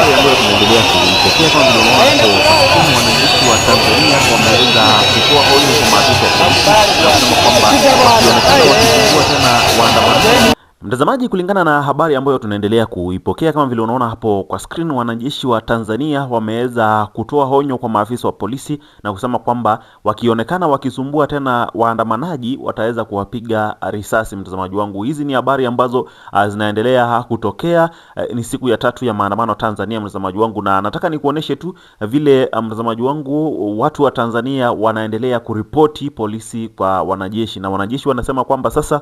swali ambayo tunaendelea kuitetea kwamba wananchi wa Tanzania wameweza kutoa onyo kwa maafisa wa polisi na kusema kwamba wakionekana wakichukua tena waandamanaji Mtazamaji, kulingana na habari ambayo tunaendelea kuipokea kama vile unaona hapo kwa screen, wanajeshi wa Tanzania wameweza kutoa honyo kwa maafisa wa polisi na kusema kwamba wakionekana wakisumbua tena waandamanaji wataweza kuwapiga risasi. Mtazamaji wangu, hizi ni habari ambazo ah, zinaendelea kutokea. Eh, ni siku ya tatu ya maandamano Tanzania, mtazamaji wangu, na nataka nikuoneshe tu vile ah, mtazamaji wangu, watu wa Tanzania wanaendelea kuripoti polisi kwa wanajeshi, na wanajeshi wanasema kwamba sasa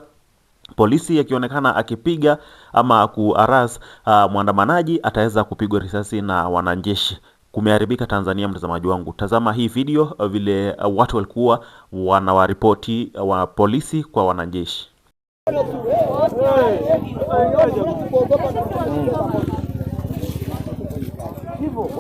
Polisi akionekana akipiga ama kuaras uh, mwandamanaji ataweza kupigwa risasi na wanajeshi. Kumeharibika Tanzania, mtazamaji wangu, tazama hii video ah, vile ah, watu walikuwa wanawaripoti wa polisi kwa wanajeshi.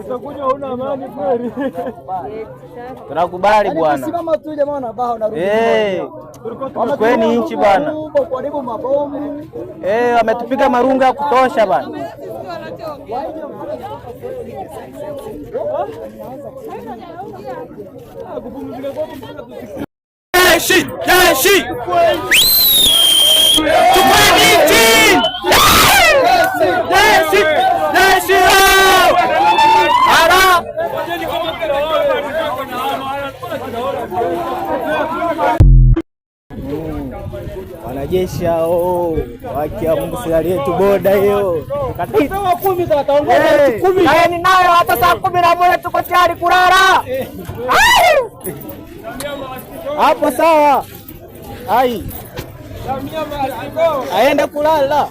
utakuja una amani kweli? Tunakubali yaani bwana, simama tu jamaa na bao na rudi kweni nchi bwana, kuharibu mabomu eh, wametupiga marunga ya kutosha bwana. Jeshi, jeshi Wanajeshi hao haki Mungu, serikali yetu boda hiyo yaani nayo. Hata saa kumi na moja tuko tayari kulala hapo, sawa. Ai, aenda kulala.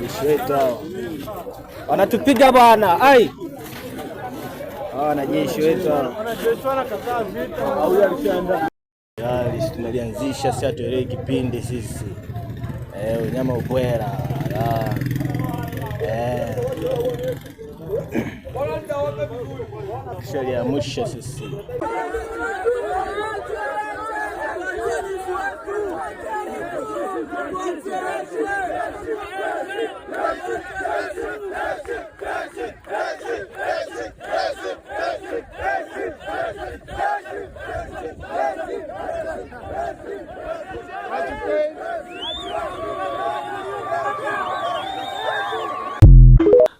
Jeshi wetu hao wanatupiga bwana, ai hawa ah, wanajeshi wetu tayari tumelianzisha, si atuelewi kipindi sisi eh, unyama ubwera ah. eh, sisi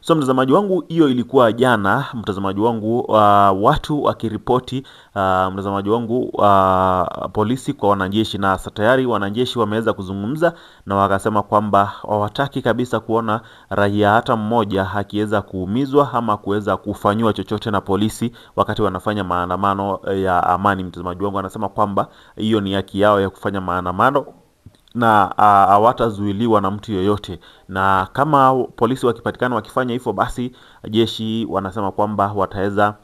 So mtazamaji wangu, hiyo ilikuwa jana, mtazamaji wangu, uh, watu wakiripoti, uh, mtazamaji wangu, uh, polisi kwa wanajeshi, na tayari wanajeshi wameweza kuzungumza na wakasema kwamba hawataki kabisa kuona raia hata mmoja akiweza kuumizwa ama kuweza kufanyiwa chochote na polisi wakati wanafanya maandamano ya amani. Mtazamaji wangu anasema kwamba hiyo ni haki yao ya kufanya maandamano na hawatazuiliwa na mtu yoyote, na kama polisi wakipatikana wakifanya hivyo, basi jeshi wanasema kwamba wataweza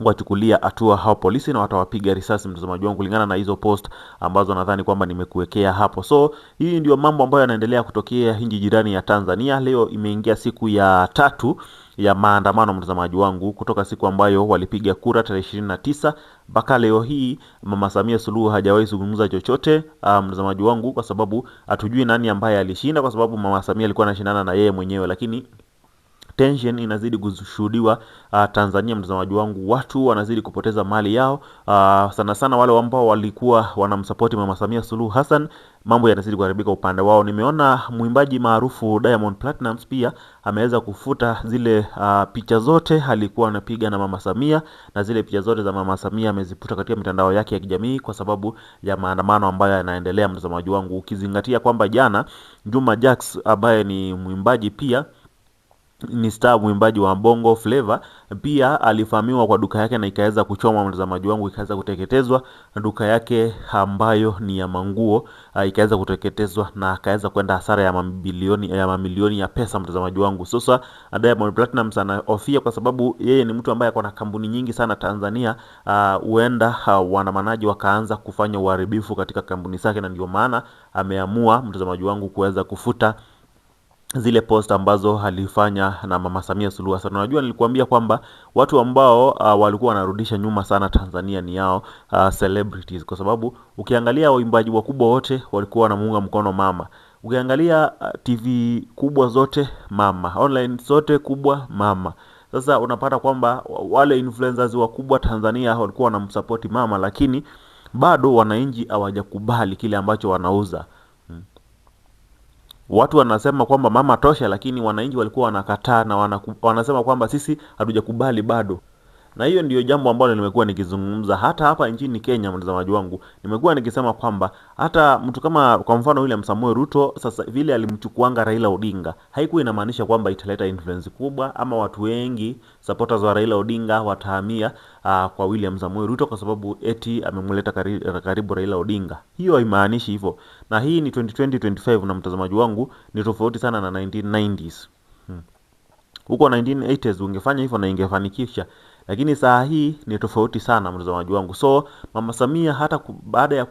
wachukulia hatua hao polisi na watawapiga risasi, mtazamaji wangu, kulingana na hizo post ambazo nadhani kwamba nimekuwekea hapo. So hii ndio mambo ambayo yanaendelea kutokea nchi jirani ya Tanzania. Leo imeingia siku ya tatu ya maandamano mtazamaji wangu, kutoka siku ambayo walipiga kura tarehe ishirini na tisa mpaka leo hii Mama Samia Suluhu hajawahi zungumza chochote ah, mtazamaji wangu, kwa sababu hatujui nani ambaye alishinda, kwa sababu Mama Samia alikuwa anashindana na yeye mwenyewe, lakini tension inazidi kushuhudiwa uh, Tanzania, mtazamaji wangu, watu wanazidi kupoteza mali yao uh, sana sana wale ambao walikuwa wanamsapoti Mama Samia Suluhu Hassan mambo yanazidi kuharibika upande wao. Nimeona mwimbaji maarufu Diamond Platnumz pia ameweza kufuta zile uh, picha zote alikuwa anapiga na Mama Samia, na zile picha zote za Mama Samia ameziputa katika mitandao yake ya kijamii kwa sababu ya maandamano ambayo yanaendelea, mtazamaji wangu, ukizingatia kwamba jana Juma Jax ambaye ni mwimbaji pia ni star mwimbaji wa Bongo Flava. Pia alifahamiwa kwa duka yake na ikaweza kuchoma mtazamaji wangu, ikaweza kuteketezwa duka yake ambayo ni ya manguo ah, ikaweza kuteketezwa na akaweza kwenda hasara ya mabilioni ya mamilioni ya pesa mtazamaji wangu. Sasa ah, Diamond sana ofia kwa sababu yeye ni mtu ambaye akona kampuni nyingi sana Tanzania, ah, huenda uh, wanamanaji wakaanza kufanya uharibifu katika kampuni zake, na ndio maana ameamua mtazamaji wangu kuweza kufuta zile post ambazo alifanya na Mama Samia Suluhu Hassan. Unajua, nilikuambia kwamba watu ambao uh, walikuwa wanarudisha nyuma sana Tanzania ni yao uh, celebrities, kwa sababu ukiangalia waimbaji wakubwa wote walikuwa wanamuunga mkono mama ukiangalia uh, TV kubwa zote mama, online zote kubwa mama. Sasa unapata kwamba wale influencers wakubwa Tanzania walikuwa wanamsapoti mama, lakini bado wananchi hawajakubali kile ambacho wanauza watu wanasema kwamba mama tosha, lakini wananchi walikuwa wanakataa na wanasema kwamba sisi hatujakubali bado. Na hiyo ndiyo jambo ambalo nimekuwa nikizungumza hata hapa nchini Kenya, mtazamaji wangu, nimekuwa nikisema kwamba hata mtu kama kwa mfano William Samuel Ruto sasa vile alimchukuanga Raila Odinga, haikuwa inamaanisha kwamba italeta influence kubwa ama watu wengi supporters wa Raila Odinga watahamia uh, kwa William Samuel Ruto kwa sababu eti amemleta karibu, karibu Raila Odinga. Hiyo haimaanishi hivyo, na hii ni 2020 25 na mtazamaji wangu ni tofauti sana na 1990s hmm. huko hmm. 1980s ungefanya hivyo na ingefanikisha lakini saa hii ni tofauti sana, mtazamaji wangu. So mama Samia hata baada ya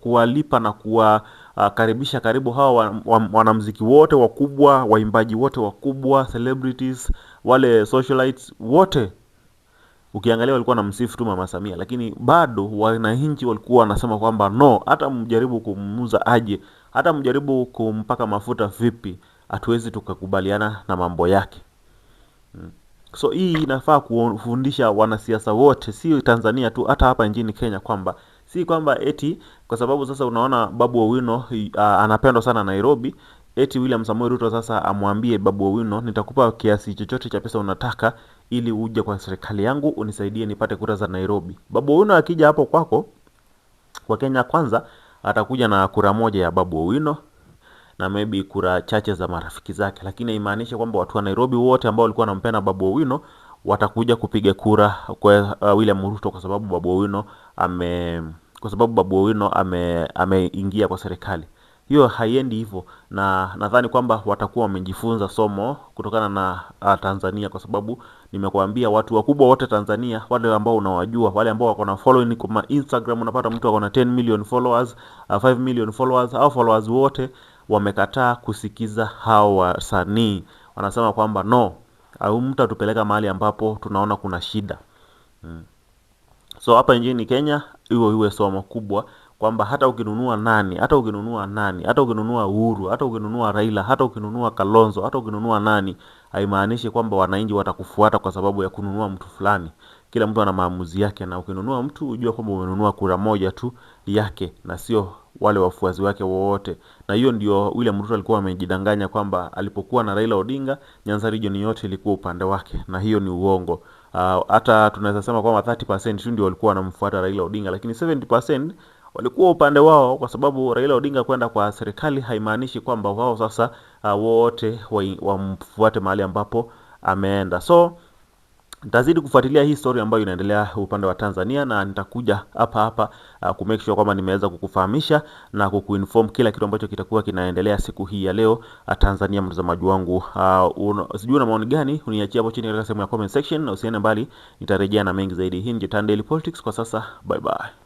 kuwalipa kuwa na ah, kuwakaribisha uh, karibu hawa wa wote wakubwa, waimbaji wote wakubwa, celebrities wale socialites wote ukiangalia walikuwa na msifu tu mama Samia, lakini bado wananchi walikuwa wanasema kwamba no, hata mjaribu kumuuza aje, hata mjaribu kumpaka mafuta vipi, hatuwezi tukakubaliana na mambo yake hmm. So hii inafaa kufundisha wanasiasa wote, si Tanzania tu, hata hapa nchini Kenya, kwamba si kwamba eti kwa sababu sasa unaona Babu Owino uh, anapendwa sana Nairobi, eti William samoe Ruto sasa amwambie Babu Owino, nitakupa kiasi chochote cha pesa unataka ili uje kwa serikali yangu unisaidie nipate kura za Nairobi. Babu Owino akija hapo kwako kwa Kenya Kwanza atakuja na kura moja ya Babu Owino na maybe kura chache za marafiki zake, lakini haimaanishi kwamba watu wa Nairobi wote ambao walikuwa wanampenda Babu Owino watakuja kupiga kura kwa uh, William Ruto kwa sababu Babu Owino ame kwa sababu Babu Owino ame ameingia kwa serikali. Hiyo haiendi hivyo, na nadhani kwamba watakuwa wamejifunza somo kutokana na uh, Tanzania, kwa sababu nimekuambia watu wakubwa wote Tanzania, wale ambao unawajua, wale ambao wako na following kwa Instagram, unapata mtu ako na 10 million followers, uh, 5 million followers au followers wote wamekataa kusikiza hao wasanii. Wanasema kwamba no, au mtu atupeleka mahali ambapo tunaona kuna shida hmm. So hapa nchini Kenya hiyo iwe somo kubwa kwamba hata ukinunua nani, hata ukinunua nani, hata ukinunua Uhuru, hata ukinunua Raila, hata ukinunua Kalonzo, hata ukinunua nani, haimaanishi kwamba wananchi watakufuata kwa sababu ya kununua mtu fulani. Kila mtu ana maamuzi yake, na ukinunua mtu ujua kwamba umenunua kura moja tu yake na sio wale wafuazi wake wowote na hiyo ndio William Ruto alikuwa amejidanganya kwamba alipokuwa na Raila Odinga, Nyanza rijoni yote ilikuwa upande wake, na hiyo ni uongo. Ah, hata uh, tunaweza sema kwamba 30% tu ndio walikuwa wanamfuata Raila Odinga, lakini 70% walikuwa upande wao, kwa sababu Raila Odinga kwenda kwa serikali haimaanishi kwamba wao sasa uh, wote wamfuate mahali ambapo ameenda so Nitazidi kufuatilia hii story ambayo inaendelea upande wa Tanzania na nitakuja hapa hapa uh, ku make sure kwamba nimeweza kukufahamisha na kukuinform kila kitu ambacho kitakuwa kinaendelea siku hii ya leo uh, Tanzania. Mtazamaji wangu uh, sijui una maoni gani, uniachie hapo chini katika sehemu ya comment section, na usiende mbali, nitarejea na mengi zaidi. Hii ni Tan Daily Politics kwa sasa, bye bye.